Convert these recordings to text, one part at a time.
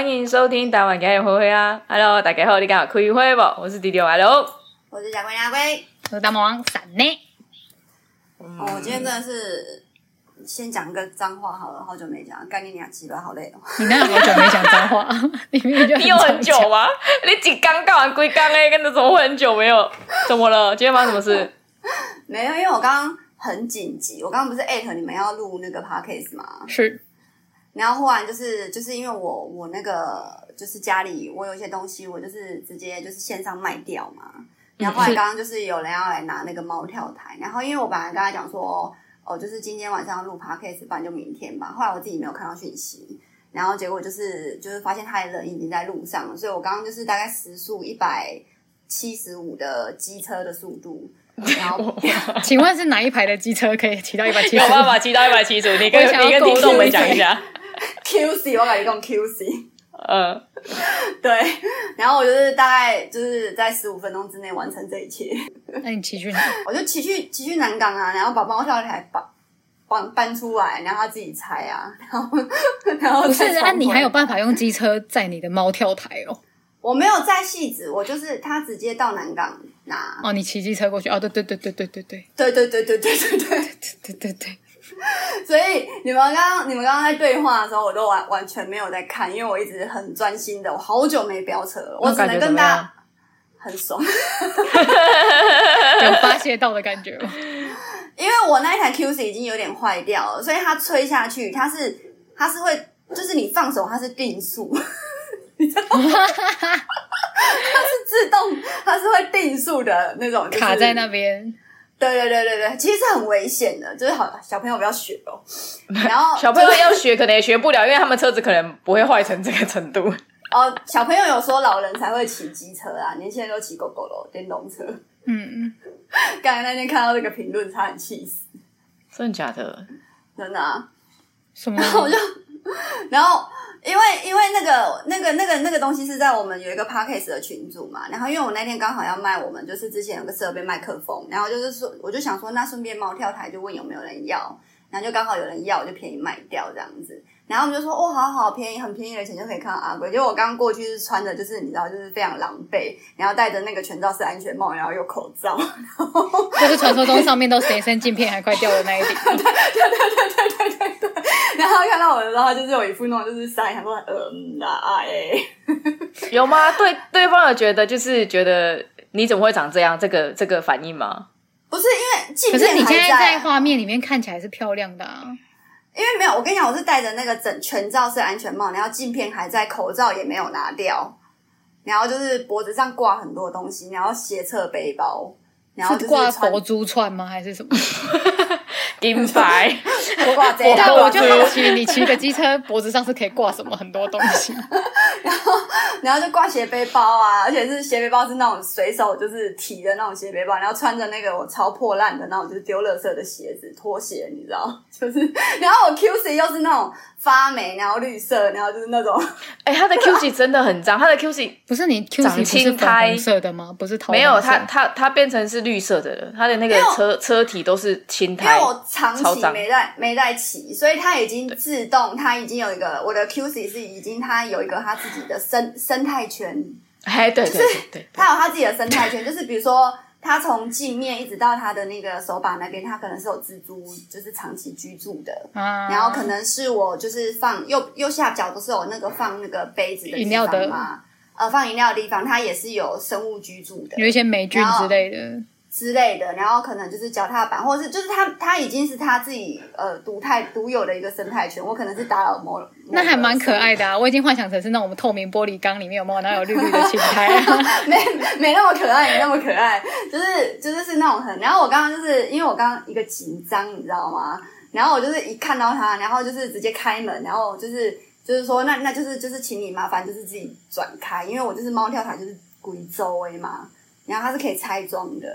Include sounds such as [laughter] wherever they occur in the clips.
歡迎收聽、啊台灣今仔日就花花的啊，Hello，大家好，你幹嘛？可不？我是滴滴 Hello 我是賈桂琳阿龜，我是大魔王山餒、哦。我今天真的是先講個髒話好了，好久沒講，幹你娘雞巴，好累、哦。你多久沒講髒話 [laughs] 講？你有很久嗎？你只剛講完歸講誒，跟着怎麼會很久沒有？怎麼了？今天發生什麼事、啊？沒有，因為我剛剛很緊急，我剛剛不是 at 你們要錄那個 podcast 嗎？是。然後後來就是就是因為我我那個就是家裡我有一些東西我就是直接就是線上賣掉嘛。然後後來剛剛就是有人要來拿那個貓跳台，然後因為我本來跟他講說哦,哦，就是今天晚上要錄 podcast 不然就明天吧。後來我自己沒有看到訊息，然後結果就是就是發現他的人已經在路上了，所以我剛剛就是大概時速一百七十五的機車的速度。然後 [laughs] 請問是哪一排的機車可以騎到一百七十五？有辦法騎到一百七十五？你跟以一個聽眾們講一下。 [laughs] [laughs] QC，我感覺用 QC，嗯，呃、 [laughs] 對。然後我就是大概就是在十五分鐘之內完成這一切。那你騎去哪？我就騎去騎去南港啊，然後把貓跳台把搬,搬出來，然後他自己拆啊。然後 [laughs] 然後不是那、啊、你還有辦法用機車載你的貓跳台哦。 [laughs] 我沒有載細子，我就是他直接到南港拿。哦，你騎機車過去？哦，對對對對對對對對對對對對對對對對對。對對對對對對所以你們剛剛、你們剛剛在對話的時候，我都完完全沒有在看，因為我一直很專心的。我好久沒飆車了，我只能跟大家很爽， [laughs] 有發洩到的感覺。 [laughs] 因為我那一台 Q C 已經有點壞掉了，所以它吹下去，它是它是會就是你放手，它是定速， [laughs] 你知道嗎？ [laughs] [laughs] 它是自動，它是會定速的那種、就是，卡在那邊。對對對對對，其實是很危險的，就是好小朋友不要學哦。然後 [laughs] 小朋友要學，可能也學不了，因為他們車子可能不會壞成這個程度。 [laughs] 哦，小朋友有說老人才會騎機車啊，年輕人都騎狗狗咯，電動車。嗯嗯。 [laughs] 剛才那天看到這個評論，差點氣死。真的假的？真的、啊真的啊。什麼？然後就，然後。因為因為那個那個那個那個東西是在我們有一個 podcast 的群組嘛，然後因為我那天剛好要賣我們就是之前有個設備麥克風，然後就是說我就想說那順便貓跳台就問有沒有人要，然後就剛好有人要我就便宜賣掉這樣子，然後我們就說哦好好便宜很便宜的錢就可以看到阿龜。結果我剛過去是穿的就是你知道就是非常狼狽，然後戴着那個全罩式安全帽，然後有口罩，就是傳說中上面都誰身鏡片還快掉的那一點，對對對對對對。對對對對對對對然後看到我的時候，就是有一副那種，就是傻眼，他說：“嗯，的、啊、哎，欸、 [laughs] 有嗎？”對，對方有覺得，就是覺得你怎麼會長這樣？這個這個反應嗎？不是，因為鏡片還在。可是你現在在畫面裡面看起來是漂亮的，啊。因為沒有。我跟你講，我是戴着那個整全罩式安全帽，然後鏡片還在，口罩也沒有拿掉，然後就是脖子上掛很多東西，然後斜側背包。你是，是掛佛珠串嗎？還是什麼？銀 [laughs] 牌我， [laughs] 我掛這個。但我，我就好奇，屈你騎個機車，脖子上是可以掛什麼？很多東西。 [laughs] 然後，然後就掛斜背包啊，而且是斜背包是那種隨手就是提的那種斜背包。然後穿着那個我超破爛的那種，就是丟垃圾的鞋子、拖鞋，你知道？就是，然後我 QC 又是那種。發霉，然後綠色，然後就是那種。哎、欸，它的 QC 真的很髒，它的 QC 長青苔。不是你 QC 不是粉紅色的嗎？不是桃紅色，沒有，它它它變成是綠色的了，它的那個車車體都是青苔。因為我長期沒在沒在騎，所以它已經自動，它已經有一個我的 QC 是已經它有一個它自己的生生態圈。哎、欸，對對對，對，對，對，就是，它有它自己的生態圈，就是比如說。它從鏡面一直到它的那個手把那邊，它可能是有蜘蛛，就是長期居住的。啊、然後可能是我就是放右右下角都是有那個放那個杯子的嘛飲料的，呃，放飲料的地方，它也是有生物居住的，有一些霉菌之類的。之類的，然後可能就是腳踏板，或者是就是它它已經是它自己呃獨特獨有的一個生態圈。我可能是打擾貓了。那還蠻可愛的啊！我已經幻想成是那種透明玻璃缸裡面有貓，然後有綠綠的青苔、啊， [laughs] [laughs] 沒沒那麼可愛，沒那麼可愛，就是就是是那種很。然後我剛剛就是因為我剛剛一個緊張，你知道嗎？然後我就是一看到它，然後就是直接開門，然後就是就是說那那就是就是請你麻煩就是自己轉開，因為我就是貓跳塔就是鬼州 A 嘛，然後它是可以拆裝的。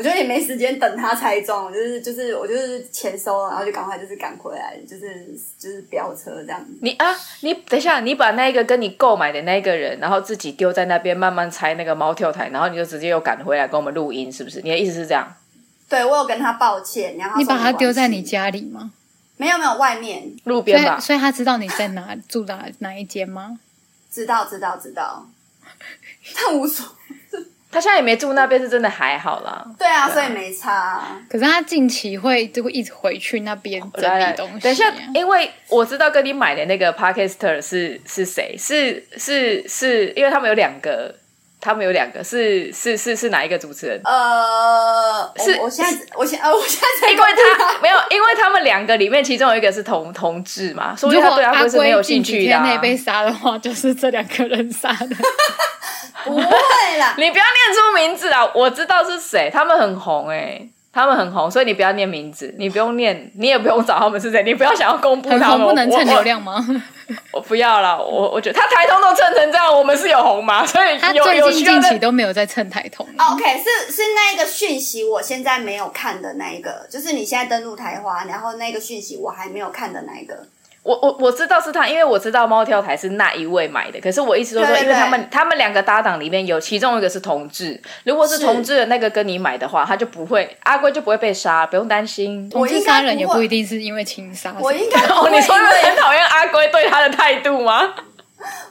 我覺得也沒時間等他拆中就是就是我就是錢收了，然後就趕快就是趕回來，就是就是飆車這樣子。你啊，你等一下，你把那個跟你購買的那個人，然後自己丟在那邊慢慢拆那個貓跳台，然後你就直接又趕回來跟我們錄音，是不是？你的意思是這樣？對，我有跟他抱歉，然後你把他丟在你家裡嗎？沒有沒有，外面路邊吧所。所以他知道你在哪 [laughs] 住哪哪一間嗎？知道知道知道，他無所。 [laughs] 他現在也沒住那邊，是真的還好啦。對啊，對啊，所以沒差、啊。可是他近期會就會一直回去那邊整理東西、啊。等一下，因為我知道跟你買的那個 Podcaster 是是誰？是誰是是，是，因為他們有兩個，他們有兩個是是是是哪一個主持人？呃，是，我現在我現呃我現在，我我現在因為他 [laughs] 沒有，因為他們兩個裡面其中有一個是同同志嘛，所以他對他是沒有興趣的。被殺的話， [laughs] 就是這兩個人殺的。 [laughs] [laughs] 不會啦，你不要念出名字啊！我知道是誰，他們很紅誒、欸，他們很紅，所以你不要念名字，你不用念，你也不用找他們是誰，你不要想要公布他們。很紅不能蹭流量嗎？我，我，我不要了，我我覺得他台通都蹭成這樣，我們是有紅嘛？所以有他最近，近近期都沒有在蹭台通。OK，是是那一個訊息，我現在沒有看的那一個，就是你現在登錄台花，然後那個訊息我還沒有看的那一個。我我我知道是他，因為我知道貓跳台是那一位買的。可是我一直都說，說，因為他們對對對他們兩個搭檔裡面有其中一個是同志，如果是同志的那個跟你買的話，他就不會，阿龜就不會被殺，不用擔心我。同志殺人也不一定是因為情殺，我應該。你說你很討厭阿龜對他的態度嗎？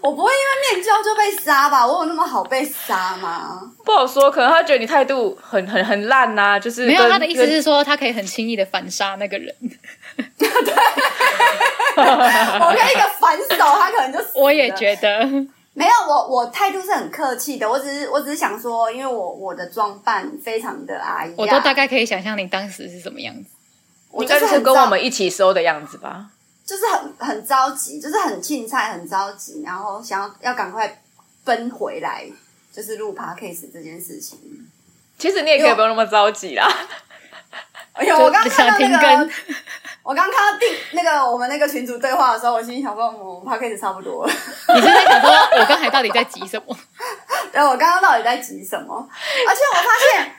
我不會因為面交就被殺吧？我有那麼好被殺嗎？不好說，可能他覺得你態度很很很爛吶、啊，就是沒有他的意思是說，他可以很輕易的反殺那個人。對 [laughs] [laughs] [laughs] [laughs] 我跟一個反手， [laughs] 他可能就死。我也覺得沒有，我我態度是很客氣的，我只是我只是想說，因為我我的裝扮非常的阿、哎、姨，我都大概可以想象你當時是什麼樣子，應該是，是跟我們一起收的樣子吧。就是很很着急，就是很青菜，很着急，然後想要要趕快奔回來，就是錄 podcast 這件事情。其實你也可以不用那麼着急啦。我，哎呀，我剛剛看到那個，我剛剛看到定那個我們那個群組對話的時候，我心裡想問我們 podcast 差不多了。你現在想說，我剛才到底在急什麼？ [laughs] 對，我剛剛到底在急什麼？而且我發現。 [laughs]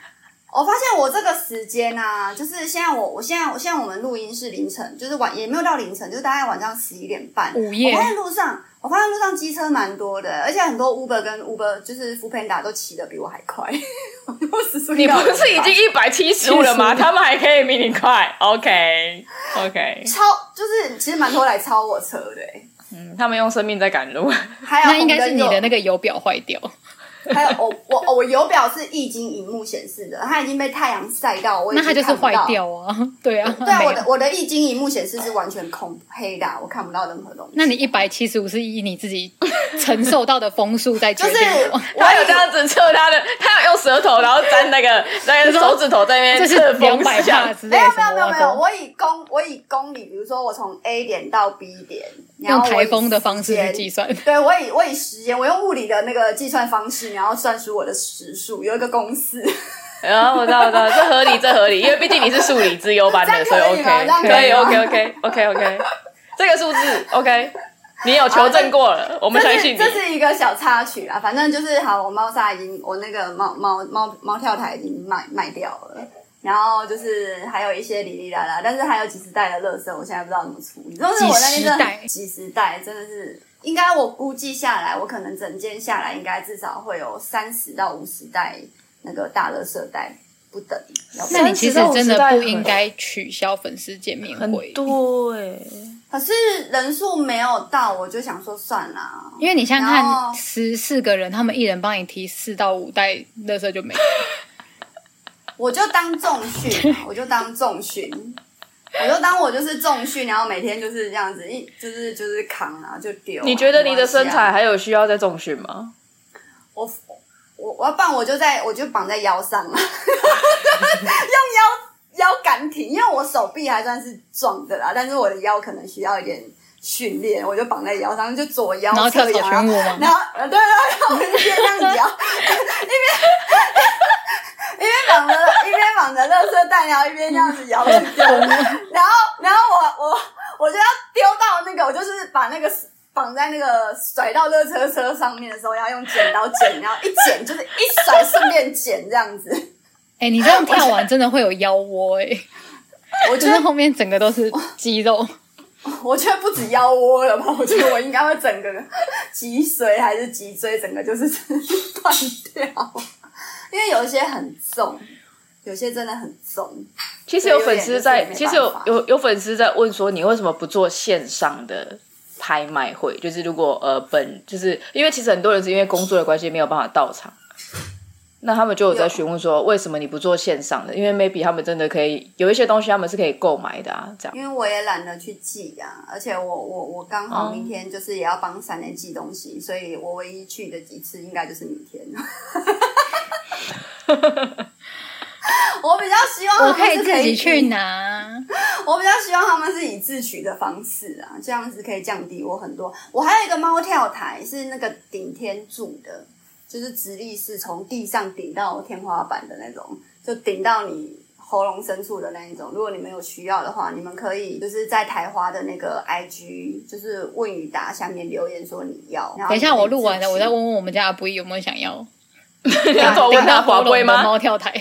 我發現我這個時間吶、啊，就是現在我，我現在，我現在我們錄音是凌晨，就是晚也沒有到凌晨，就是大概晚上十一點半。午夜。我發現路上，我發現路上機車蠻多的，而且很多 Uber 跟 Uber 就是 Foodpanda 都騎的比我還快。十 [laughs] 你不是已經一百七十五了嗎？他們還可以比你快。OK OK。超，就是其實蠻多來超我車的、欸。嗯，他們用生命在趕路 [laughs] 還有。那應該是你的那個油表壞掉。 [laughs] 還有，我我我油錶是液晶熒幕顯示的，它已經被太陽曬到，我已經看不到。那它就是壞掉啊，對啊，嗯、對啊，我的我的液晶熒幕顯示是完全空黑的，我看不到任何東西。那你一百七十五是以你自己？ [laughs] 承受到的風速在決、就是，我。有這樣子測他的，他要用舌頭，然後沾那個那個手指頭在那邊測、就是、風向。沒有沒有沒有沒有，我以公我以公里，比如說我從 A 點到 B 點，用，用颱風的方式去計算。對我以我以時間，我用物理的那個計算方式，然後算出我的時速有一個公式。後、哦、我知道我知道，這合理這合理，因為畢竟你是數理之優班的這，所以 OK 可以，可以，可以 OK OK OK OK， [laughs] 這個數字 OK。你有求證過了，啊、我們相信你。這是，這是一個小插曲啊。反正就是好，我貓砂已經，我那個貓貓貓貓跳台已經賣賣掉了，然後就是還有一些哩哩啦啦，但是還有幾十袋的垃圾，我現在不知道怎麼處理。都是我那邊，幾十袋，幾十袋真的是，應該我估計下來，我可能整間下來應該至少會有三十到五十袋那個大垃圾袋不等。那你其實真的不應該取消粉絲見面會，很多哎、欸。可是人數沒有到，我就想說算了。因為你現在看十四個人，他們一人幫你提四到五袋垃圾就沒了。 [laughs] 我就當重訓、啊，我就當重訓， [laughs] 我就當我就是重訓，然後每天就是這樣子，一就是就是扛啊就丟、啊。你覺得你的身材還有需要再重訓嗎？ [laughs] 我我我要綁我就在我就綁在腰上了， [laughs] 用腰。腰桿挺，因為我手臂還算是壯的啦，但是我的腰可能需要一點訓練，我就綁在腰上，就左腰、側腰，然後，然後，然後對對對，然後一邊這， [laughs] 一邊 [laughs] 這樣子搖，一邊一邊綁着一邊綁着熱車袋然後一邊這樣子搖然後，然後我我我就要丟到那個，我就是把那個綁在那個甩到熱車車上面的時候，要用剪刀剪，然後一剪就是一甩，順便剪這樣子。欸，你這樣跳完真的會有腰窩欸！我覺得、就是、後面整個都是肌肉。我，我覺得不止腰窩了吧？我覺得我應該會整個脊髓還是脊椎，整個就是斷掉。因為有一些很重，有些真的很重。其實有粉絲在，其實有有有粉絲在問說，你為什麼不做線上的拍賣會？就是如果呃，本就是因為其實很多人是因為工作的關係沒有辦法到場。那他們就有在詢問說，為什麼你不做線上的？因為 maybe 他們真的可以有一些東西，他們是可以購買的啊，這樣。因為我也懶得去寄啊，而且我我我剛好明天就是也要幫三連寄東西、嗯，所以我唯一去的幾次應該就是明天。 [laughs] [laughs] [laughs] 我比較希望他們可，我可以自己去拿， [laughs] 我比較希望他們是以自取的方式啊，這樣子可以降低我很多。我還有一個貓跳台是那個頂天柱的。就是直立是從地上頂到天花板的那種，就頂到你喉嚨深處的那一種。如果你們有需要的話，你們可以就是在台花的那個 IG，就是問與答下面留言說你要。等一下我錄完了我再問問我們家阿藝有沒有想要。 [laughs] 你要怎麼問他滑梯嗎？貓 [laughs] 跳台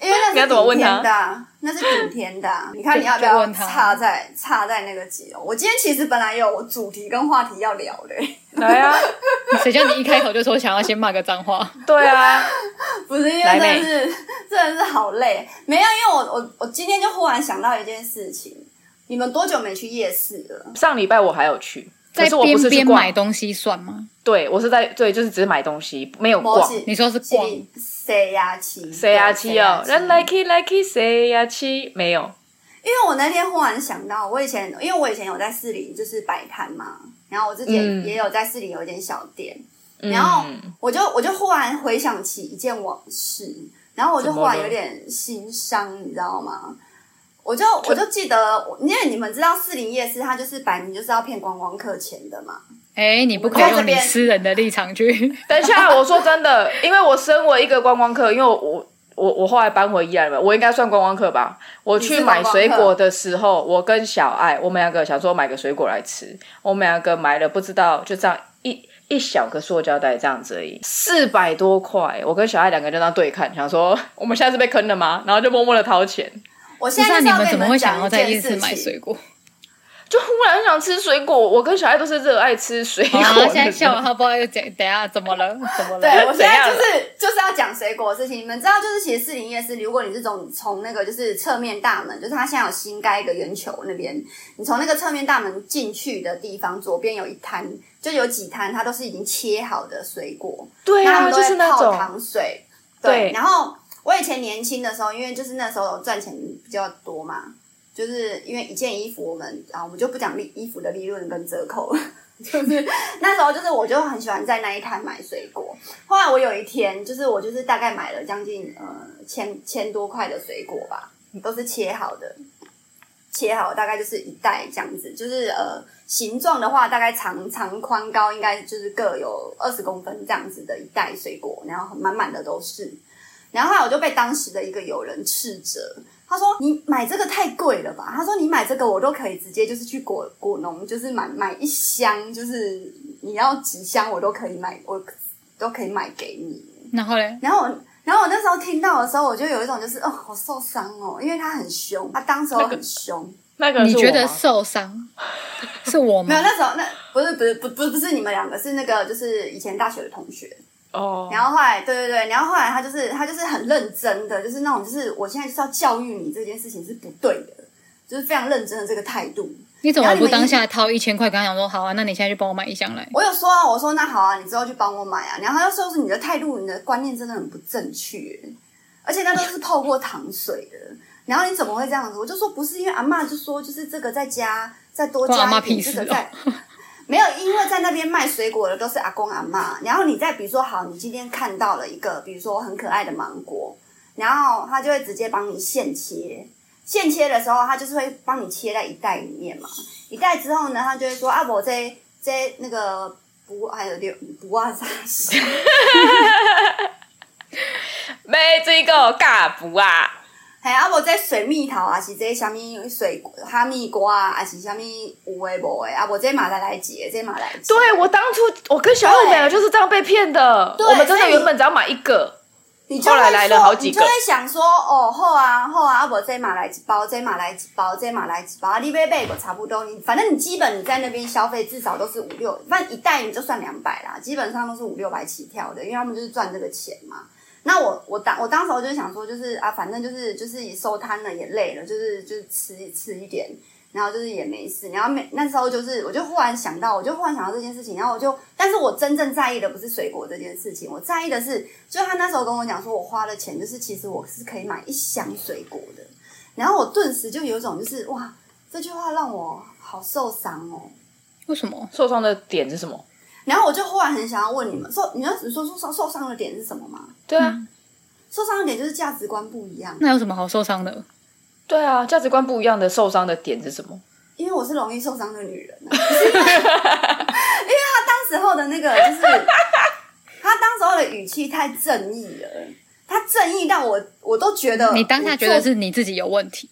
你要怎麼問他？因為那是頂天的， [laughs] 那是頂天的。你看你要不要差在差 [laughs] 在那個節目？我今天其實本來有我主題跟話題要聊的。 [laughs] 來呀、啊！誰 [laughs] 叫你一開口就說想要先罵個髒話？對啊，不是因為是，是真的是好累。沒有，因為我我我今天就忽然想到一件事情：你們多久沒去夜市了？上禮拜我還有去，但是我不是去逛邊邊買東西算嗎？對，我是在對，就是只是買東西，沒有逛。你說是逛？誰呀？七誰呀？七哦，來來去來去誰呀？七沒有，因為我那天忽然想到，我以前因為我以前有在市裡就是擺攤嘛。然後我自己也有在士林有一間小店，嗯，然後我就我就忽然回想起一件往事，然後我就忽然有點心傷，你知道嗎？我就我就記得，因為你們知道士林夜市，它就是擺明就是要騙觀光客錢的嘛。哎、欸，你不可以用你私人的立場去。 [laughs] 等一下，我說真的，因為我身為一個觀光客，因為我。我我後來搬回宜蘭了，我應該算觀光客吧。我去買水果的時候，我跟小艾，我們兩個想說買個水果來吃，我們兩個買了不知道就這樣一一小個塑膠袋這樣子而已，四百多塊。我跟小艾兩個就這樣對看，想說我們現在是被坑了嗎？然後就默默的掏錢。我現在你們,你們怎麼會想要再一次買水果？就忽然想吃水果，我跟小艾都是熱愛吃水果。我、啊、現在完好好笑等，他不知道要講，等下怎麼了，怎麼了？對，我現在就是就是要講水果的事情。你們知道，就是其實士林夜市，如果你這種從那個就是側面大門，就是它現在有新蓋一個圓球那邊，你從那個側面大門進去的地方，左邊有一攤，就有幾攤，它都是已經切好的水果。對、啊，那他們都在泡糖水、就是對。對，然後我以前年輕的時候，因為就是那時候賺錢比較多嘛。就是因為一件衣服，我們啊，我們就不講利衣服的利潤跟折扣了。就是那時候，就是我就很喜歡在那一攤買水果。後來我有一天，就是我就是大概買了將近呃千千多塊的水果吧，都是切好的，切好大概就是一袋這樣子。就是呃形狀的話，大概長長寬高應該就是各有二十公分這樣子的一袋水果，然後滿滿的都是。然後後來我就被當時的一個友人斥責，他說：“你買這個太貴了吧？”他說：“你買這個，我都可以直接就是去果果農，就是買買一箱，就是你要幾箱，我都可以買，我都可以買給你。”後然後嘞，然後然後我那時候聽到的時候，我就有一種就是哦，好受傷哦，因為他很兇，他當時候很兇。那個、那個、 [laughs] 你覺得受傷是我嗎？ [laughs] 沒有，那時候那不是不是不是不是不是你們兩個，是那個就是以前大學的同學。哦、oh，然後後來，對對對，然後後來他就是他就是很認真的，就是那種就是我現在就是要教育你這件事情是不對的，就是非常認真的這個態度。你怎麼不當下掏一千塊？剛想說好啊，那你現在就幫我買一箱來。我有說啊，我說那好啊，你之後去幫我買啊。然後他就說是你的態度，你的觀念真的很不正確，而且那都是泡過糖水的。 [laughs] 然後你怎麼會這樣子？我就說不是因為阿媽就說就是這個再加再多加一瓶這個在。 [laughs] 沒有，因為在那邊賣水果的都是阿公阿嬤。然後你再比如說，好，你今天看到了一個，比如說很可愛的芒果，然後他就會直接幫你現切。現切的時候，他就是會幫你切在一袋裡面嘛。一袋之後呢，他就會說：“阿、啊、伯，這這那個不，還有六不啊啥事。”買水果干不啊？還阿無在水蜜桃啊，是這些啥米水哈密瓜啊，還是啥米有誒無誒？阿無、啊、這馬來來包，這馬來幾包，對我當初我跟小艾兩個，就是這樣被騙的。對，我們真的原本只要買一個，你後來來了好幾個，你就會說，你就會想說哦好啊好啊，阿無、啊啊、這馬來幾包，這馬來幾包，這馬來幾包，一杯杯差不多。你反正你基本你在那邊消費至少都是五六，反正一袋你就算兩百啦，基本上都是五六百起跳的，因為他們就是賺這個錢嘛。那我我當我當時候就想說，就是啊，反正就是就是也收攤了也累了，就是就是吃吃一點，然後就是也沒事。然後沒，那時候就是，我就忽然想到，我就忽然想到這件事情。然後我就，但是我真正在意的不是水果這件事情，我在意的是，就他那時候跟我講說，我花了錢就是其實我是可以買一箱水果的。然後我頓時就有一種就是哇，這句話讓我好受傷哦。為什麼？受傷的點是什麼？然後我就忽然很想要問你們，受，你們說受受受傷的點是什麼嗎？對啊，受傷的點就是價值觀不一樣。那有什麼好受傷的？對啊，價值觀不一樣的受傷的點是什麼？因為我是容易受傷的女人、啊 [laughs] 因，因為她當時候的那個，就是她 [laughs] 當時候的語氣太正義了，她正義到我，我都覺得你當下覺得是你自己有問題，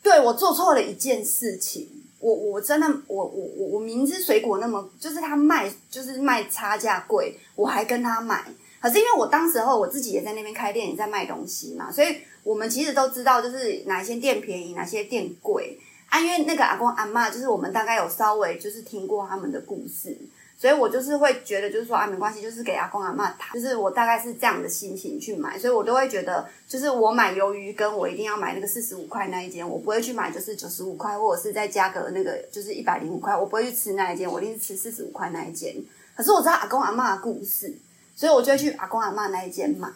對我做錯了一件事情。我我真的我我我我明知水果那麼就是他賣就是賣差價貴，我還跟他買。可是因為我當時候我自己也在那邊開店，也在賣東西嘛，所以我們其實都知道就是哪一些店便宜，哪些店貴。啊，因為那個阿公阿嬤，就是我們大概有稍微就是聽過他們的故事。所以我就是會覺得，就是說啊，沒關係，就是給阿公阿媽，就是我大概是這樣的心情去買，所以我都會覺得，就是我買魷魚，跟我一定要買那個四十五塊那一間，我不會去買就是九十五塊，或者是再加個那個就是一百零五塊，我不會去吃那一間，我一定是吃四十五塊那一間。可是我知道阿公阿媽的故事，所以我就會去阿公阿媽那一間買。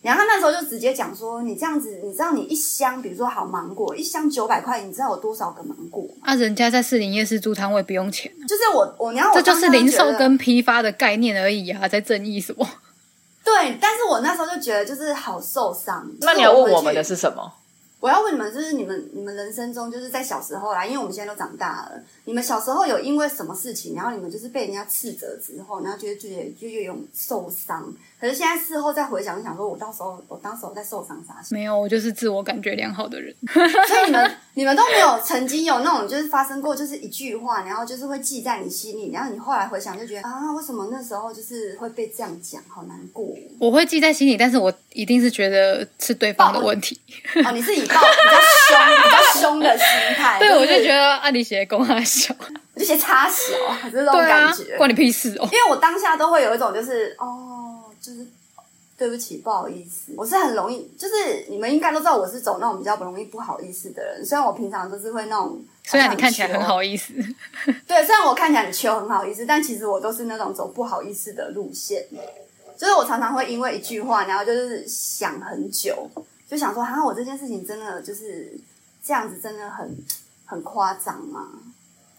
然後他那時候就直接講說：“你這樣子，你知道你一箱，比如說好芒果，一箱九百塊，你知道有多少個芒果？”啊，人家在士林夜市租攤位不用錢。就是我，我，要我剛剛。這就是零售跟批發的概念而已啊，在爭議什麼？對，但是我那時候就覺得就是好受傷。 [laughs] 那你要問我們的是什麼？我要問你們，就是你們，你們人生中就是在小時候啦，因為我們現在都長大了，你們小時候有因為什麼事情，然後你們就是被人家斥責之後，然後覺得自己就又有受傷。可是現在事後再回想，想說我到時候，我當時我在受傷啥事？沒有，我就是自我感覺良好的人。 [laughs] 所以你們，你們都沒有曾經有那種就是發生過，就是一句話，然後就是會記在你心裡，然後你後來回想就覺得啊，為什麼那時候就是會被這樣講，好難過。我會記在心裡，但是我一定是覺得是對方的問題。哦、啊，你是以抱比較兇、比較兇 [laughs] 的心態、就是。對，我就覺得啊，你寫工太小，我就寫差小，就是這種感覺，關、啊、你屁事哦。因為我當下都會有一種就是哦。就是對不起，不好意思，我是很容易，就是你們應該都知道我是走那種比較不容易不好意思的人。雖然我平常都是會那種，雖然你看起來很好意思， [laughs] 對，雖然我看起來很秋很好意思，但其實我都是那種走不好意思的路線。就是我常常會因為一句話，然後就是想很久，就想說，哈，我這件事情真的就是這樣子，真的很很誇張啊！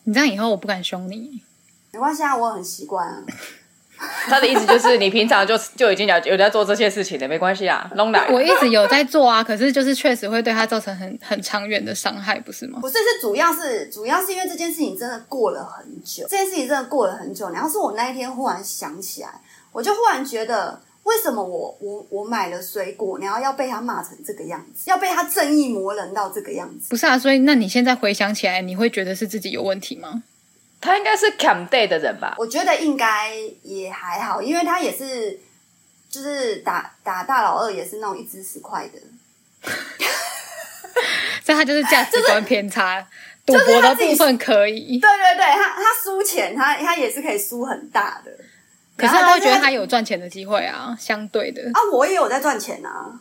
你這樣以後我不敢凶你，沒關係啊，我很習慣啊。 [laughs] 他的意思就是，你平常就就已經有有在做這些事情了，沒關係啊。我一直有在做啊，可是就是確實會對他造成很很長遠的傷害，不是嗎？不是，是主要是主要是因為這件事情真的過了很久，這件事情真的過了很久。然後是我那一天忽然想起來，我就忽然覺得，為什麼我我我買了水果，然後要被他罵成這個樣子，要被他正義魔人到這個樣子？不是啊，所以那你現在回想起來，你會覺得是自己有問題嗎？他應該是 Cam Day 的人吧？我覺得應該也還好，因為他也是，就是打打大老二也是那種一只十塊的。這 [laughs] 他就是價值觀偏差，就是、賭博的部分可以、就是。對對對，他他輸錢，他他也是可以輸很大的。可是他會覺得他有賺錢的機會啊，相對的。啊，我也有在賺錢啊。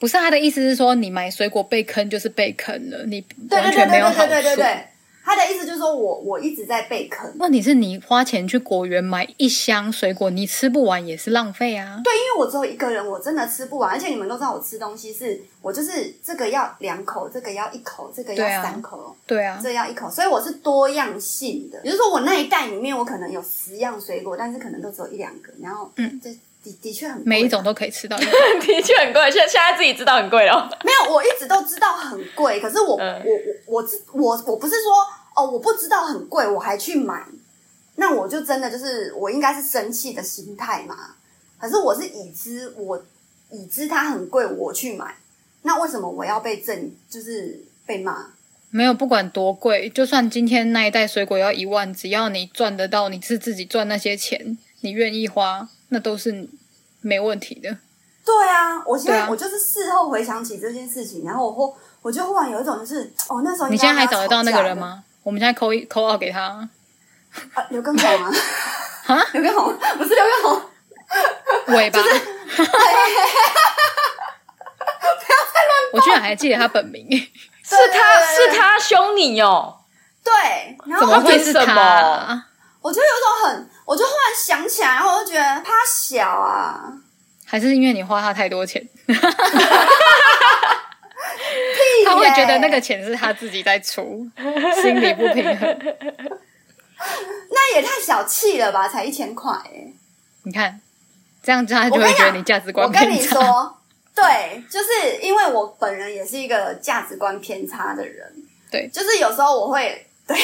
不是，他的意思是說，你買水果被坑就是被坑了，你完全沒有好處。對對對對對對對對。他的意思就是說我，我我一直在被坑。問題是，你花錢去果園買一箱水果，你吃不完也是浪費啊。對，因為我只有一個人，我真的吃不完。而且你們都知道，我吃東西是我就是這個要兩口，這個要一口，這個要三口，對啊，對啊，這個、要一口，所以我是多樣性的。也就是說，我那一袋裡面我可能有十樣水果，嗯，但是可能都只有一兩個。然後，嗯，的的，的確很貴、啊、每一種都可以吃到， [laughs] 的確很貴。現現在自己知道很貴了。 [laughs] [laughs] 沒有，我一直都知道很貴。可是我我我我我我不是說。哦，我不知道很貴，我還去買，那我就真的就是我應該是生氣的心態嘛。可是我是已知我已知它很貴，我去買，那為什麼我要被震，就是被罵？沒有，不管多貴，就算今天那一袋水果要一萬，只要你賺得到，你是自己賺那些錢，你願意花，那都是沒問題的。對啊，我現在、啊、我就是事後回想起這件事情，然後我忽，我就忽然有一種就是，哦，那時候你現在還找得到那個人嗎？我們現在扣一扣二給他，劉根紅啊，劉根紅不是劉根紅，尾巴、就是。 [laughs] 不要再亂。我居然還記得他本名，對對對對，是他是他，凶你哦，對，然後為什麼？怎麼會是他，我就有種很，我就忽然想起來，然後我就覺得他小啊，還是因為你花他太多錢？ [laughs] [laughs] 欸、他會覺得那個錢是他自己在出， [laughs] 心裡不平衡。那也太小氣了吧？才一千塊、欸，你看這樣子，他就會覺得你價值觀偏差，我跟你講、我跟你說。對，就是因為我本人也是一個價值觀偏差的人。對，就是有時候我會對。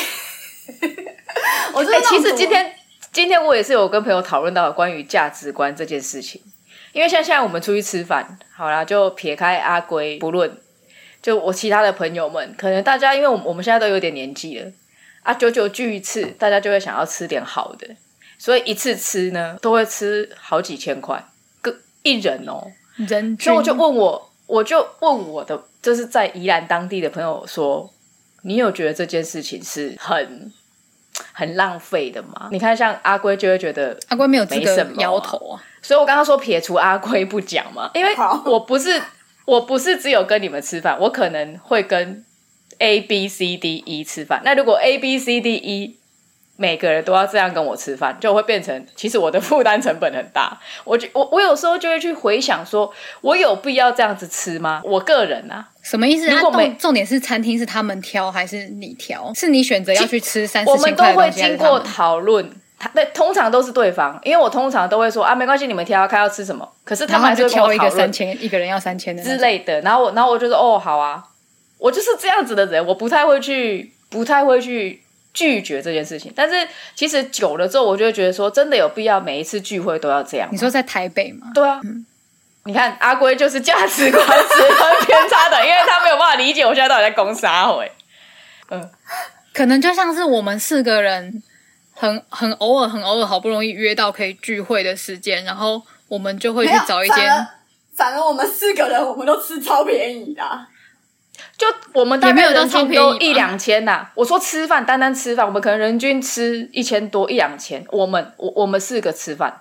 [laughs] 我覺得、欸、其實今天今天我也是有跟朋友討論到關於價值觀這件事情，因為像現在我們出去吃飯，好啦，就撇開阿龜不論。就我其他的朋友們，可能大家，因為我們我們現在都有點年紀了啊，久久聚一次，大家就會想要吃點好的，所以一次吃呢，都會吃好幾千塊，一人哦。人，所以我就問我，我就問我的，就是在宜蘭當地的朋友說，你有覺得這件事情是很很浪費的嗎？你看，像阿龜就會覺得阿龜沒有沒什麼搖頭啊，所以我剛剛說撇除阿龜不講嘛，因為我不是。我不是只有跟你們吃飯，我可能會跟 A B C D E 吃飯。那如果 A B C D E 每個人都要這樣跟我吃飯，就會變成其實我的負擔成本很大。我就我我有時候就會去回想說，說我有必要這樣子吃嗎？我個人啊，什麼意思？如果重點是餐廳是他們挑還是你挑？是你選擇要去吃三四千塊錢的？我們都會經過討論。那通常都是對方，因為我通常都會說啊，沒關係，你們挑開要吃什麼。可是他們還是就會挑一個三千，一個人要三千的之類的。然後我，然後我就說哦，好啊，我就是這樣子的人，我不太會去，不太會去拒絕這件事情。但是其實久了之後，我就會覺得說，真的有必要每一次聚會都要這樣。你說在台北嗎？對啊，嗯、你看阿龜就是價值觀十分偏差的， [laughs] 因為他沒有辦法理解我現在到底在攻殺我，嗯，可能就像是我們四個人。很很偶爾，很偶爾，偶好不容易約到可以聚會的時間，然後我們就會去找一間。反正我們四個人，我們都吃超便宜的。就我們大概的都也沒有人均都一兩千啦。我說吃飯，單單吃飯，我們可能人均吃一千多一兩千。我們我我們四個吃飯。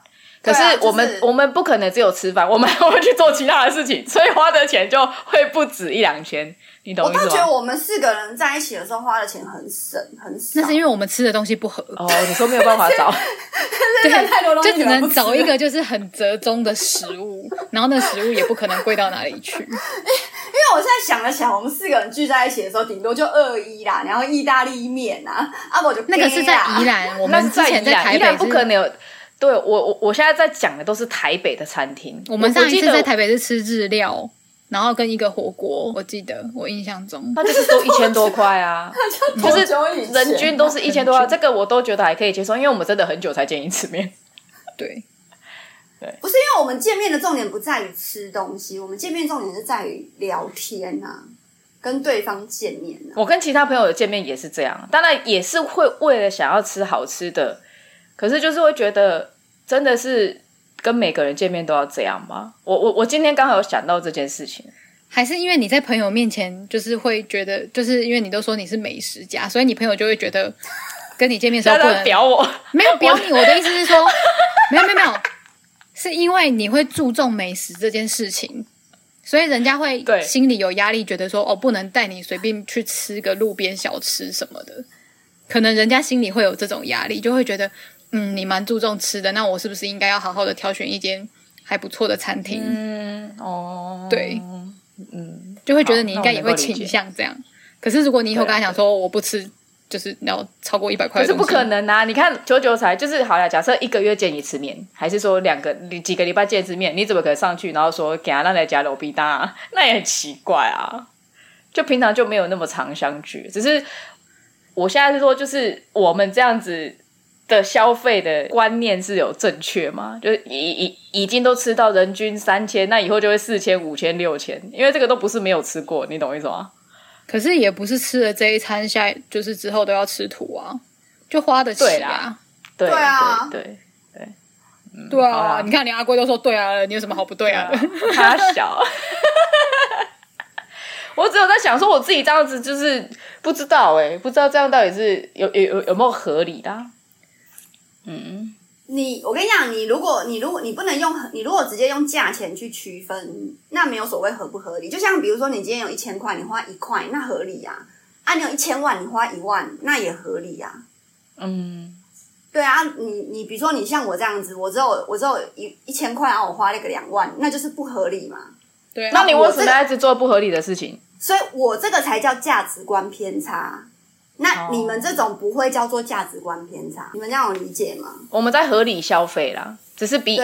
可是我們、啊就是，我們我們不可能只有吃飯，我們還會去做其他的事情，所以花的錢就會不止一兩千。你懂嗎？我倒覺得我們四個人在一起的時候花的錢很省，很少。那是因為我們吃的東西不合。哦，你說沒有辦法找，對 [laughs] [laughs] 太多東西，就只能找一個就是很折中的食物， [laughs] 然後那食物也不可能貴到哪裡去。因為我現在想了想，我們四個人聚在一起的時候，頂多就二一啦，然後意大利麵啊，阿、啊、伯就那個是在宜蘭，我們之前在台北在宜，台北不可能有。對，我我我現在在講的都是台北的餐廳。我們上一次在台北是吃日料，然後跟一個火鍋，我記得，我，記得我印象中，那就是都一千多塊啊， [laughs] 啊，就是人均都是一千多塊啊。這個我都覺得還可以接受，因為我們真的很久才見一次面。對，不是因為我們見面的重點不在於吃東西，我們見面重點是在於聊天啊，跟對方見面啊。我跟其他朋友的見面也是這樣，當然也是會為了想要吃好吃的，可是就是會覺得。真的是跟每個人見面都要這樣嗎？我我我今天剛好有想到這件事情，還是因為你在朋友面前就是會覺得，就是因為你都說你是美食家，所以你朋友就會覺得跟你見面的時候不能 [laughs] 表我，沒有表你我。我的意思是說，沒有沒有沒有，沒有 [laughs] 是因為你會注重美食這件事情，所以人家會心裡有壓力，覺得說哦，不能帶你隨便去吃個路邊小吃什麼的，可能人家心裡會有這種壓力，就會覺得。嗯，你蠻注重吃的，那我是不是應該要好好的挑選一間還不錯的餐廳？嗯，哦，對，嗯，就會覺得你應該也會傾向這樣。可是如果你以後跟他講說我不吃，就是要超過一百塊，可是不可能啊。你看九九才就是好了，假設一個月見一次面，還是說兩個幾個禮拜見一次面，你怎麼可能上去然後說給他讓來加肉皮蛋啊？那也很奇怪啊！就平常就沒有那麼常相聚，只是我現在是說，就是我們這樣子。的消費的觀念是有正確嗎？就是已已已經都吃到人均三千，那以後就會四千、五千、六千，因為這個都不是沒有吃過，你懂意思嗎？可是也不是吃了這一餐下，就是之後都要吃土啊，就花得起啊對對，對啊，對對對，對啊！嗯、你看，你阿龜都說對啊，你有什麼好不對啊，啊？他小，我只有在想說，我自己這樣子就是不知道哎、欸，不知道這樣到底是有有有，有沒有合理的、啊。嗯，你我跟你講，你如果你如果你不能用你如果直接用價錢去區分，那沒有所謂合不合理。就像比如說，你今天有一千塊，你花一塊，那合理呀，啊。啊，你有一千萬，你花一萬，那也合理呀，啊。嗯，對啊，你你比如說，你像我這樣子，我只有我只有一一千塊啊，然後我花了個兩萬，那就是不合理嘛。對，啊，那你為什麼一直做不合理的事情？這個，所以我這個才叫價值觀偏差。那你們這種不會叫做價值觀偏差，oh. 你們這樣有理解嗎？我們在合理消費啦，只是比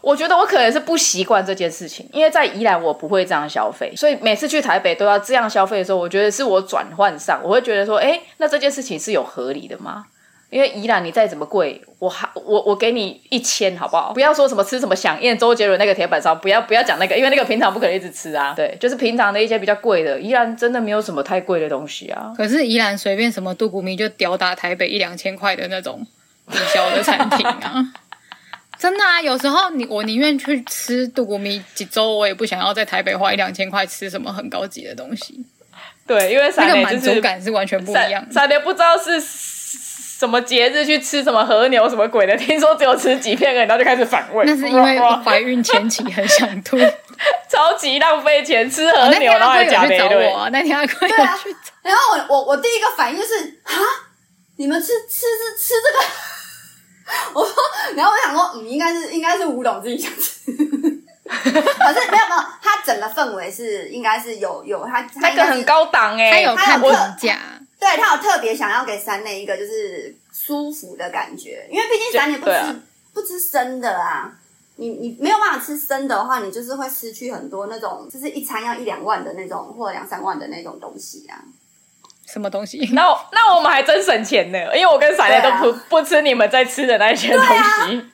我覺得我可能是不習慣這件事情，因為在宜蘭我不會這樣消費，所以每次去台北都要這樣消費的時候，我覺得是我轉換上，我會覺得說，哎、欸，那這件事情是有合理的嗎？因為宜蘭你再怎麼貴，我還我我給你一千好不好？不要說什麼吃什麼饗宴周杰倫那個鐵板燒，不要不要講那個，因為那個平常不可能一直吃啊。對，就是平常的一些比較貴的，宜蘭真的沒有什麼太貴的東西啊。可是宜蘭隨便什麼渡骨米就屌打台北一兩千塊的那種米霄的餐廳啊！ [laughs] 真的啊，有時候你我寧願去吃渡骨米，幾周我也不想要在台北花一兩千塊吃什麼很高級的東西。對，因為、就是、那個滿足感是完全不一樣的。山餒不知道是。什麼節日去吃什麼和牛什麼鬼的？聽說只有吃幾片而已，你然後就開始反胃 [laughs] 那是因為懷孕前期很想吐， [laughs] 超級浪費錢吃和牛。然後還貴有去找我，那天阿貴對啊，然後我我我第一個反應就是啊，你們吃吃吃吃這個？ [laughs] 我說，然後我想說，嗯，應該是應該是五董這一想去，反正沒有沒有，他整個氛圍是應該是有有他，他那個很高檔哎、欸，他有看特價。對他有特別想要給山餒一個就是舒服的感覺，因為畢竟山餒、啊、不吃不吃生的啊，你你沒有辦法吃生的的話，你就是會失去很多那種就是一餐要一兩萬的那種或兩三萬的那種東西啊。什麼東西？那我那我們還真省錢呢，因為我跟山餒、啊啊、都不不吃你們在吃的那些東西。啊、因為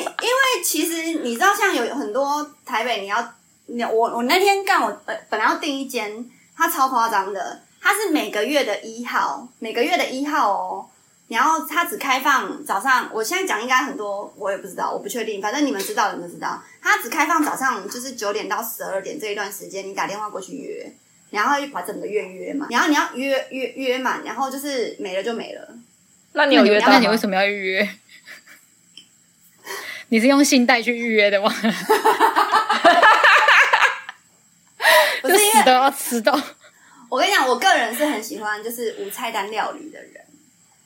因為其實你知道，像有很多台北，你要你我我那天幹我本來要訂一間，他超誇張的。它是每個月的一號，每個月的一號哦、喔。然後它只開放早上，我現在講應該很多，我也不知道，我不確定。反正你們知道，你們知道。他知道它只開放早上，就是九點到十二點這一段時間，你打電話過去約，然後就把整個月約嘛。然後你要約約約滿，然後就是沒了就沒了。那你有約到？那你為什麼要預約？ [laughs] 你是用信貸去預約的嗎？我哈死都要遲到。 [laughs] 我跟你講，我個人是很喜歡就是無菜單料理的人，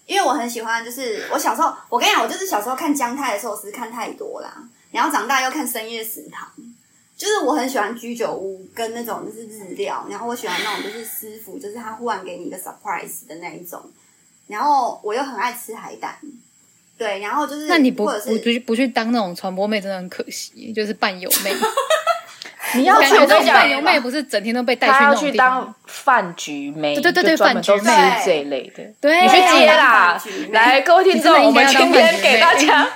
因為我很喜歡就是我小時候，我跟你講，我就是小時候看將太的壽司，是看太多啦，然後長大又看深夜食堂，就是我很喜歡居酒屋跟那種就是日料，然後我喜歡那種就是師傅，就是他忽然給你一個 surprise 的那一種，然後我又很愛吃海膽，對，然後就是那你不不去不去當那種傳播妹真的很可惜，就是半友妹。 [laughs] 你要去？那小劉妹不是整天都被帶去那種當飯局妹？對對對，對，飯局妹這類的，對，你去接啦！哎、來，各位聽眾， [laughs] 我們今天給大家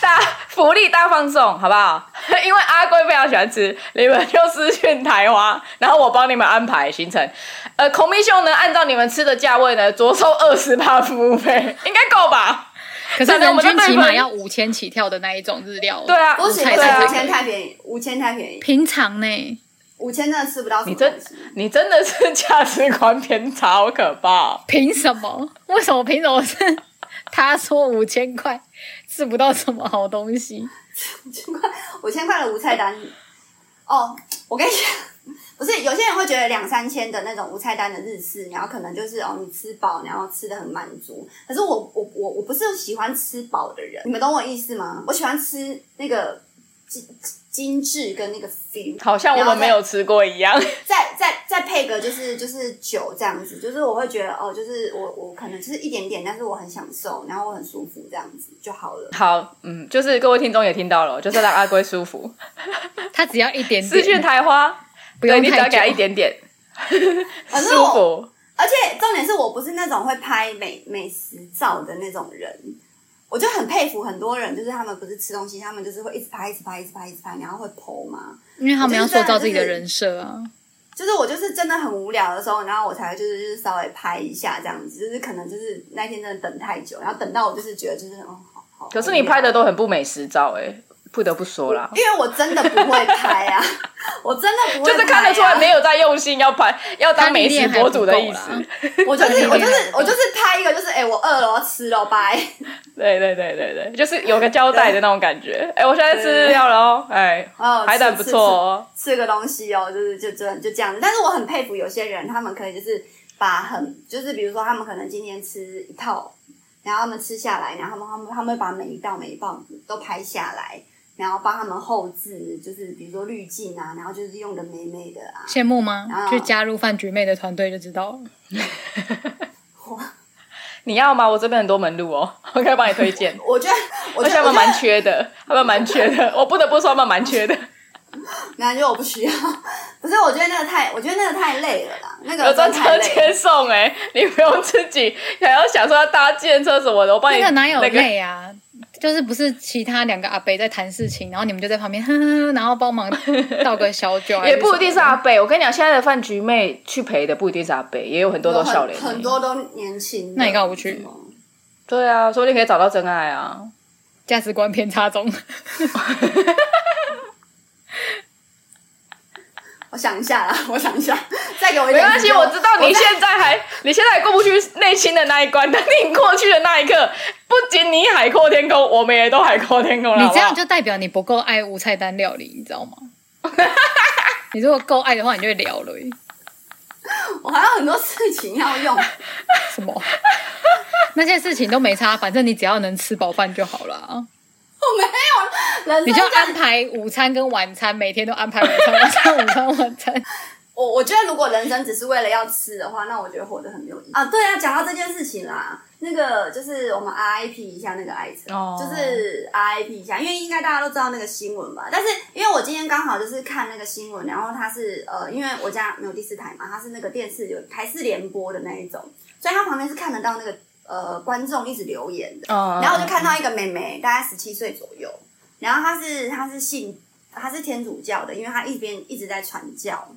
大福利大放送，好不好？ [laughs] 因為阿龜非常喜歡吃，你們就私訊台花，然後我幫你們安排行程。呃，Commission 呢，按照你們吃的價位呢，酌收20%服務費，應該夠吧？可是人均起碼要五千起跳的那一種日料，對啊，無菜單五千太便宜，五千太便宜。平常呢、欸，五千真的吃不到你真你真的是價值觀偏差，好可怕、啊！憑什麼？為什麼？憑什麼是他說五千塊吃不到什麼好東西？五千塊，五千塊的無菜單哦，oh, 我跟你講。不是有些人會覺得兩三千的那種無菜單的日式，然後可能就是哦，你吃飽，然後吃得很滿足。可是我我我我不是喜歡吃飽的人，你們懂我意思嗎？我喜歡吃那個精精致跟那個 feel 好像我們沒有吃過一樣。再再再配個就是就是酒這樣子，就是我會覺得哦，就是我我可能就是一點點，但是我很享受，然後我很舒服這樣子就好了。好，嗯，就是各位聽眾也聽到了，就是讓阿龜舒服， [laughs] 他只要一點點。四片台花。不用對你只要給他一點點，反 [laughs] 正而,而且重點是我不是那種會拍美美食照的那種人，我就很佩服很多人，就是他們不是吃東西，他們就是會一直拍，一直拍，一直拍，一直拍，然後會 PO 嘛，因為他們要塑造自己的人設啊就、就是。就是我就是真的很無聊的時候，然後我才就是就是稍微拍一下這樣子，就是可能就是那天真的等太久，然後等到我就是覺得就是哦好好，可是你拍的都很不美食照哎、欸。不得不說啦，因為我真的不會拍啊， [laughs] 我真的不會拍，啊，就是看得出來沒有在用心要拍， [laughs] 要當美食博主的意思。 [laughs] 我就是我就是我就是拍一個，就是哎，欸，我餓了，要吃了，拜。對 [laughs] 對對對對，就是有個交代的那種感覺。哎，欸，我現在吃掉了哦，哎，哦，欸、喔，還蠻不錯哦，喔，吃個東西哦，喔，就是就就就這樣子。但是我很佩服有些人，他們可以就是把很就是比如說他們可能今天吃一套，然後他們吃下來，然後他們他們他們會把每一道每一棒子都拍下來。然後幫他們後製，就是比如說濾鏡啊，然後就是用的美美的啊。羨慕嗎？就加入飯局妹的團隊就知道了。 [laughs] 你要嗎？我這邊很多門路哦，我可以幫你推薦。我覺得，我覺得他們蠻缺的，他們蠻缺的我，我不得不說他們蠻缺的。沒感 [laughs] 覺，我不需要， [laughs] 不是？我覺得那個太，我覺得那個太累了啦。那個有專車接送哎、欸，你不用自己，還要想說要搭電車什麼的，我幫你、那個。那個哪有累、啊就是不是其他兩個阿伯在談事情，然後你們就在旁邊哼哼，然後幫忙倒個小酒、啊， [laughs] 也不一定是阿伯，我跟你講，現在的飯局妹去陪的不一定是阿伯，也有很多都少年。很多都年輕，那應我不去。對啊，說不定可以找到真愛啊！價值觀偏差中。 [laughs] [laughs] 想一下啦，我想一下，再給我一點點。一沒關係，我知道你現在還，在你現在過不去內心的那一關。等你過去的那一刻，不僅你海闊天空，我們也都海闊天空了。你這樣就代表你不夠愛無菜單料理，你知道嗎？ [laughs] 你如果夠愛的話，你就會聊了。我還有很多事情要用。 [laughs] 什麼？那些事情都沒差，反正你只要能吃飽飯就好了啊。 [laughs] 沒有人生，你就安排午餐跟晚餐，每天都安排午餐、晚餐、 [laughs] 午餐、晚餐。 [laughs] 我我覺得，如果人生只是為了要吃的話，那我覺得活得很沒有意義啊！對啊，講到這件事情啦，那個就是我們 RIP 一下那個艾成，oh. 就是 RIP 一下，因為應該大家都知道那個新聞吧？但是因為我今天剛好就是看那個新聞，然後他是呃，因為我家沒有第四台嘛，他是那個電視有台視聯播的那一種，所以他旁邊是看得到那個。呃，觀眾一直留言的，oh, 然後我就看到一個妹妹，嗯、大概十七歲左右，然後她是她是信她是天主教的，因為她一邊一直在傳教，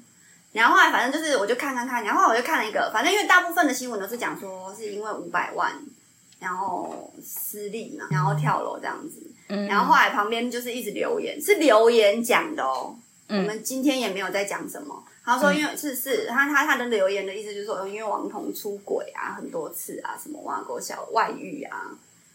然後後來反正就是我就看看看，然後,後來我就看了一個，反正因為大部分的新聞都是講說是因為五百萬，然後失利嘛，然後跳樓這樣子、嗯，然後後來旁邊就是一直留言，是留言講的哦、喔，我們今天也沒有在講什麼。他說：“因為、嗯、是是，他他他的留言的意思就是說，因為王彤出軌啊，很多次啊，什麼挖過小外遇啊，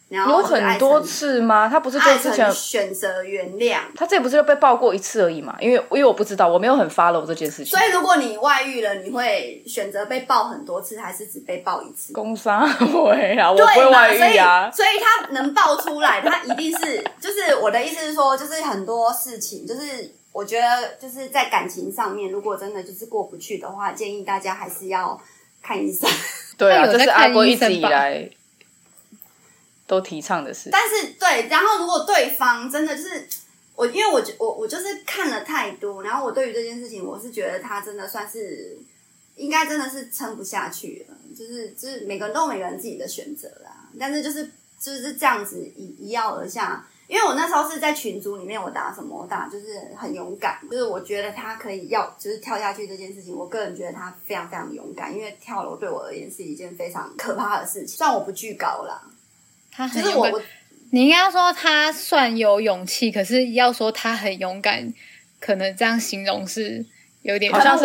然後有很多次嗎？他不是，就是之前選擇原諒他，這也不是就被爆過一次而已嘛？因為因為我不知道，我沒有很 follow 這件事情。所以如果你外遇了，你會選擇被爆很多次，還是只被爆一次？工傷不會啊，我不會外遇啊所。所以他能爆出來， [laughs] 他一定是就是我的意思是說，就是很多事情就是。”我覺得就是在感情上面，如果真的就是過不去的話，建議大家還是要看醫生。對啊，這是阿龜一直以來都提倡的事。但是，對，然後如果對方真的就是我，因為我我我就是看了太多，然後我對於這件事情，我是覺得他真的算是應該真的是撐不下去了。就是就是每個人都有每個人自己的選擇啦，但是就是就是這樣子一一躍而下。因為我那時候是在群組裡面，我打什麼我打，就是很勇敢，就是我覺得他可以要，就是跳下去這件事情，我個人覺得他非常非常勇敢，因為跳樓對我而言是一件非常可怕的事情，算我不懼高了。他很勇敢，就是、我，我，你應該要說他算有勇氣，可是要說他很勇敢，可能這樣形容是有點，好像是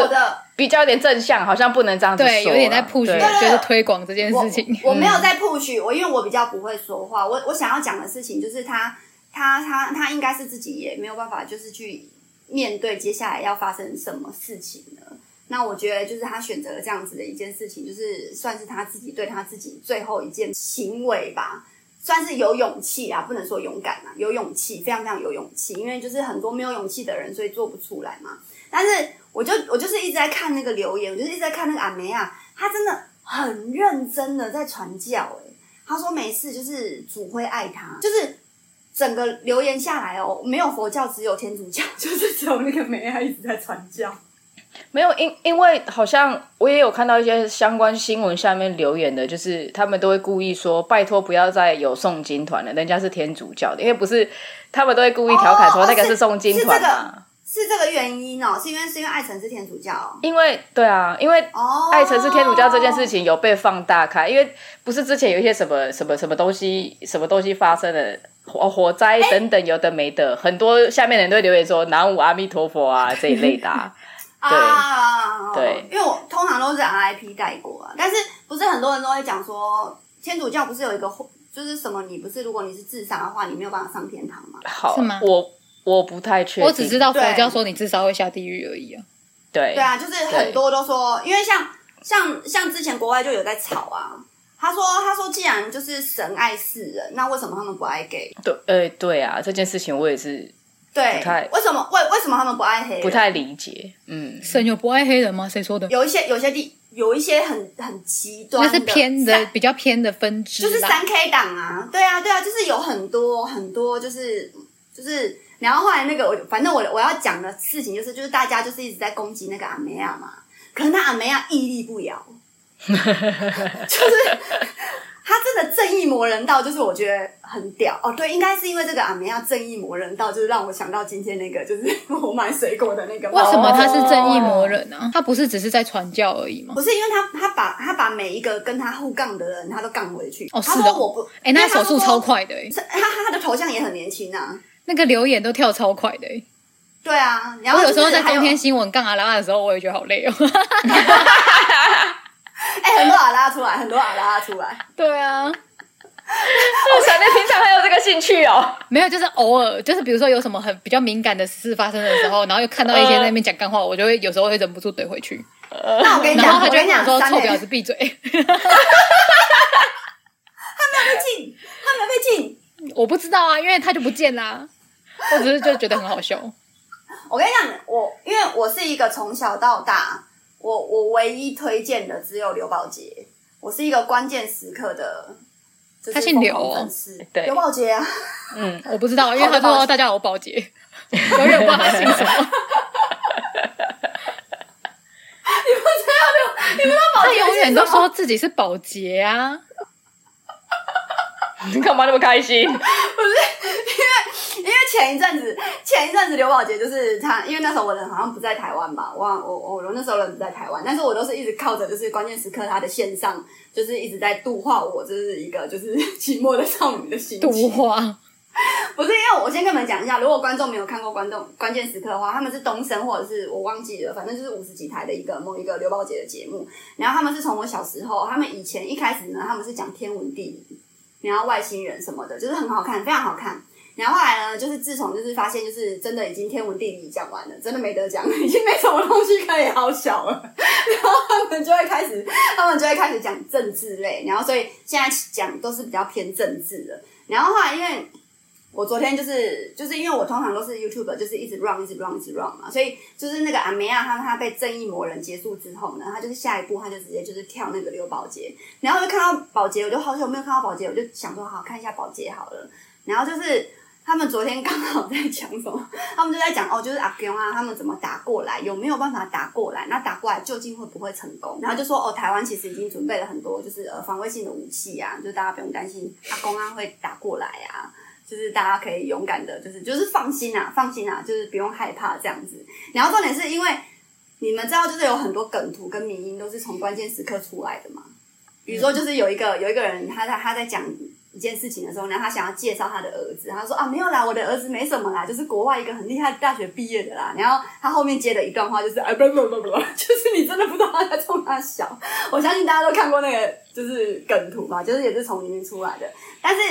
比較有點正向，好像不能這樣子說，對有點在 push，對對對，就是推廣這件事情。我，我沒有在 push，、嗯、我因為我比較不會說話，我我想要講的事情就是他。他他他應該是自己也沒有辦法，就是去面對接下來要發生什麼事情了。那我覺得就是他選擇了這樣子的一件事情，就是算是他自己對他自己最後一件行為吧，算是有勇氣啊，不能說勇敢啊，有勇氣，非常非常有勇氣。因為就是很多沒有勇氣的人，所以做不出來嘛。但是我就我就是一直在看那個留言，我就是一直在看那個阿梅啊，他真的很認真的在傳教，誒，他說沒事，就是主會愛他，就是。整個留言下來哦，沒有佛教，只有天主教，就是只有那個梅愛一直在傳教。沒有，因因為好像我也有看到一些相關新聞，下面留言的就是他們都會故意說拜託不要再有誦經團了，人家是天主教的，因為不是他們都會故意調侃說那個是誦經團的。哦哦這個，是這個原因哦，是因為是因為艾成是天主教，因為對啊，因為哦，艾成是天主教這件事情有被放大開，哦、因為不是之前有一些什麼什麼什麼東西，什麼東西發生的。火火災等等有的沒的，欸、很多下面人都會留言說南無阿彌陀佛啊 [laughs] 這一類的啊， [laughs] 啊。好好，對，因為我通常都是 RIP 帶過啊，但是不是很多人都會講說，天主教不是有一個就是什麼，你不是如果你是自殺的話，你沒有辦法上天堂嗎？好是嗎？我我不太確，我只知道佛教說你自殺會下地獄而已啊。對對啊，就是很多都說，因為像像像之前國外就有在吵啊。他說：“他說，既然就是神愛世人，那為什麼他們不愛給？”對，哎、欸，對啊，這件事情我也是不太，對，太為什麼？為為什麼他們不愛黑？不太理解。嗯，神有不愛黑人嗎？誰說的？有一些，有一些地，有一些很很極端，那是偏的，比較偏的分支，就是三 K 黨啊。對啊，對啊，就是有很多很多，就是就是。然後後來那個，我反正我我要講的事情就是，就是大家就是一直在攻擊那個阿梅亞嘛，可能他阿梅亞屹立不搖。 [laughs] 就是他真的正義魔人道，就是我覺得很屌哦。對，應該是因為這個阿明亞正義魔人道，就是讓我想到今天那個，就是我買水果的那個。為什麼他是正義魔人呢、啊哦？他不是只是在傳教而已嗎？不是因為他他把他把，他把每一個跟他互槓的人，他都槓回去。哦，是的，我不哎、欸，那手速超快的、欸他，他他，他的頭像也很年輕啊。那個留言都跳超快的、欸，對啊你要然、就是。我有時候在冬天新聞槓啊拉拉的時候，我也覺得好累哦。 [laughs] [laughs] 哎、欸，很多阿、啊、拉出來，嗯、很多阿、啊、拉出來。對啊， [laughs] 我感覺平常很有這個興趣哦。 [laughs] 沒有，就是偶爾，就是比如說有什麼很比較敏感的事發生的時候，然後又看到一些在那邊講幹話、呃，我就會有時候會忍不住懟回去。呃、然後他就我那我跟你講，我跟你講，說臭婊子閉嘴 [laughs] [laughs] 他。他沒有被禁，他沒有被禁。我不知道啊，因為他就不見啦、啊。我只是就覺得很好笑。 [laughs] 我跟你講，我因為我是一個從小到大。我我唯一推薦的只有劉寶傑，我是一個關鍵時刻的，就是，他姓劉眾劉寶傑啊，嗯，我不知道，因為他說大家好，寶傑，喔、傑，永遠 [laughs] [laughs] 不知道他姓什麼。你不知道，你不知道寶傑他永遠都說自己是寶傑啊。你幹嘛那麼開心？ [laughs] 不是因為因為前一陣子前一陣子劉寶傑就是他，因為那時候我人好像不在台灣吧，我我我那時候人不在台灣，但是我都是一直靠着，就是關鍵時刻他的線上就是一直在度化我，這、就是一個就是寂寞的少女的心度化。不是因為，我先跟你們講一下，如果觀眾沒有看過觀眾關鍵時刻的話，他們是東森，或者是我忘記了，反正就是五十幾台的一個某一個劉寶傑的節目，然後他們是從我小時候，他們以前一開始呢，他們是講天文地理。然後外星人什麼的，就是很好看，非常好看。然後後來呢，就是自從就是發現，就是真的已經天文地理講完了，真的沒得講了，已經沒什麼東西可以好笑了。然後他們就會開始，他們就會開始講政治類。然後所以現在講都是比較偏政治的。然後後來因為。我昨天就是就是因為我通常都是 YouTube，就是一直 run 一直 run 一直 run 嘛，所以就是那個阿梅亞，他們他被正義魔人結束之後呢，他就是下一步，他就直接就是跳那個劉寶傑，然後就看到寶傑，我就好久沒有看到寶傑，我就想說好看一下寶傑好了。然後就是他們昨天剛好在講什麼，他們就在講哦，就是阿公啊，他們怎麼打過來，有沒有辦法打過來？那打過來究竟會不會成功？然後就說哦，台灣其實已經準備了很多就是呃防衛性的武器啊，就大家不用擔心阿公安啊會打過來啊。就是大家可以勇敢的，就是就是放心啦、啊，放心啦、啊，就是不用害怕這樣子。然後重點是因為你們知道，就是有很多梗圖跟迷因都是從關鍵時刻出來的嘛。比如說，就是有一個有一個人他在他在講一件事情的時候，然後他想要介紹他的兒子，他說啊，沒有啦，我的兒子沒什麼啦，就是國外一個很厲害的大學畢業的啦。然後他後面接的一段話就是哎，不不不，就是你真的不知道他在衝他笑。我相信大家都看過那個，就是梗圖吧，就是也是從裡面出來的，但是。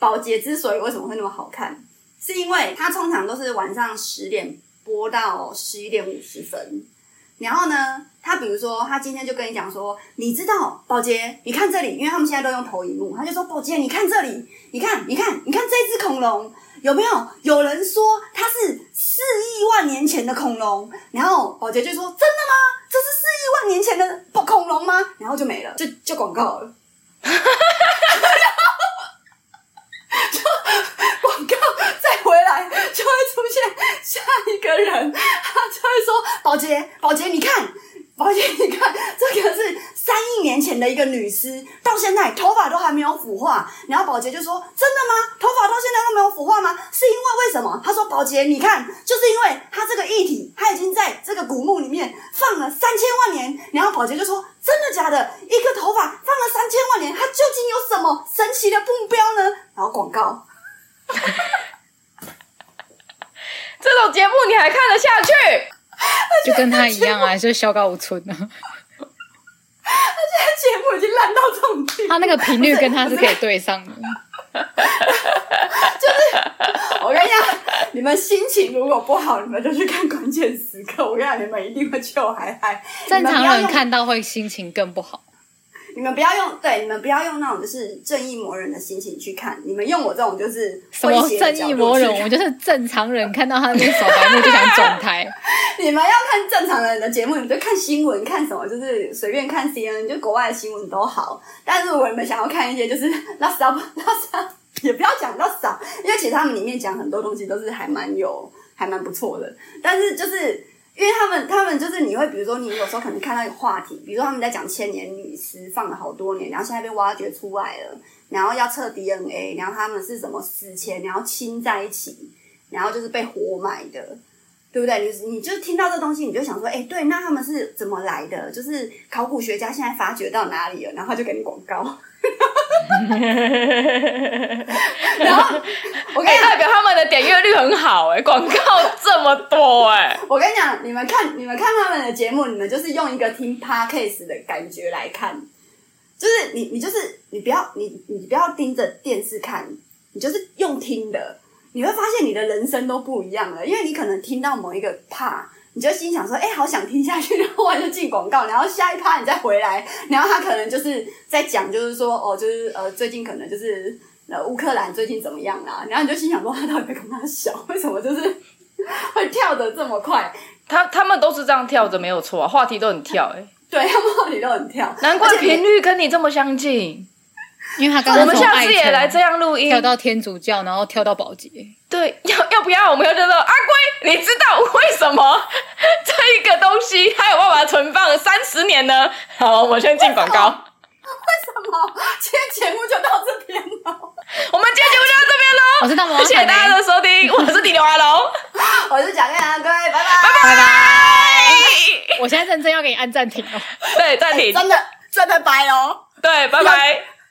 寶傑之所以為什麼會那麼好看，是因為他通常都是晚上十點播到十一點五十分。然後呢，他比如說，他今天就跟你講說，你知道寶傑，你看這裡，因為他們現在都用投影幕，他就說寶傑，你看這裡，你看，你看，你看，你看這隻恐龍有沒有？有人說它是四億萬年前的恐龍，然後寶傑就說真的嗎？這是四億萬年前的恐龍嗎？然後就沒了，就就廣告了。 [laughs] 下下一個人，他就會說：“寶杰，寶杰，你看，寶杰，你看，這個是三億年前的一個女屍，到現在頭髮都還沒有腐化。”然後寶杰就說：“真的嗎？頭髮到現在都沒有腐化嗎？是因為為什麼？”他說：“寶杰，你看，就是因為他這個遺體，他已經在這個古墓裡面放了三千萬年。”然後寶杰就說：“真的假的？一個頭髮放了三千萬年，它究竟有什麼神奇的目標呢？”然後廣告。 [laughs] 這種節目你還看得下去？就跟他一樣啊，就是削高五寸呢？他現在節目已經爛到這種地步， [laughs] 他那個頻率跟他是可以對上的。是 [laughs] 就是我跟你講， [laughs] 你們心情如果不好，你們就去看《關鍵時刻》，我跟你講，你們一定會笑嗨嗨。正常人看到會心情更不好。你們不要用，對，你們不要用那種就是正義魔人的心情去看，你們用我這種就是威脅什麼正義魔人，我就是正常人看到他那種白目就想轉台。 [laughs] [laughs] 你們要看正常人的節目，你們就看新聞，看什麼就是隨便看 CNN，就國外的新聞都好。但是我們想要看一些就是那啥 [laughs] 那啥也不要講那啥因為其實他們裡面講很多東西都是還蠻有還蠻不錯的，但是就是。因為他們，他們就是你會，比如說你有時候可能看到一個話題，比如說他們在講千年女屍放了好多年，然後現在被挖掘出來了，然後要測 DNA，然後他們是怎麼死前，然後親在一起，然後就是被活埋的，對不對？你就你就是聽到這東西，你就想說，誒、欸，對，那他們是怎麼來的？就是考古學家現在發掘到哪裡了，然後他就給你廣告。 [laughs] 然後，我跟你、欸、代表他們的點閱率很好哎、欸，廣告這麼多哎、欸。 [laughs] 我跟你講，你們看你們看他們的節目，你們就是用一個聽 podcast 的感覺來看，就是你你就是你不要你你不要盯着電視看，你就是用聽的，你會發現你的人生都不一樣了，因為你可能聽到某一個 part，你就心想說：“哎、欸，好想聽下去。”然後完就進廣告，然後下一趴你再回來，然後他可能就是在講，就是說哦，就是呃，最近可能就是呃，烏克蘭最近怎麼樣啊？然後你就心想說：“他到底在跟他笑？為什麼就是會跳得這麼快？”他他們都是這樣跳的，沒有錯、啊，話題都很跳、欸。哎，對，話題都很跳，難怪頻率跟你這麼相近。因為他剛剛，我們下次也來這樣錄音，跳到天主教，然後跳到寶傑。對，要要不要？我們要就說阿龜，你知道為什麼這一個東西還有辦法存放三十年呢？好，我先在進廣告。為什麼？為什麼今天節目就到這邊。我們今天節目就到這邊嘍。我知道嗎、欸？謝謝大家的收聽。 [laughs] 我是滴滴龍阿龍， [laughs] 我是賈桂琳阿龜，拜拜拜拜拜拜。Bye bye bye bye [laughs] 我現在認真正要給你按暫停哦。對，暫停、欸。真的真的拜哦。對，拜拜。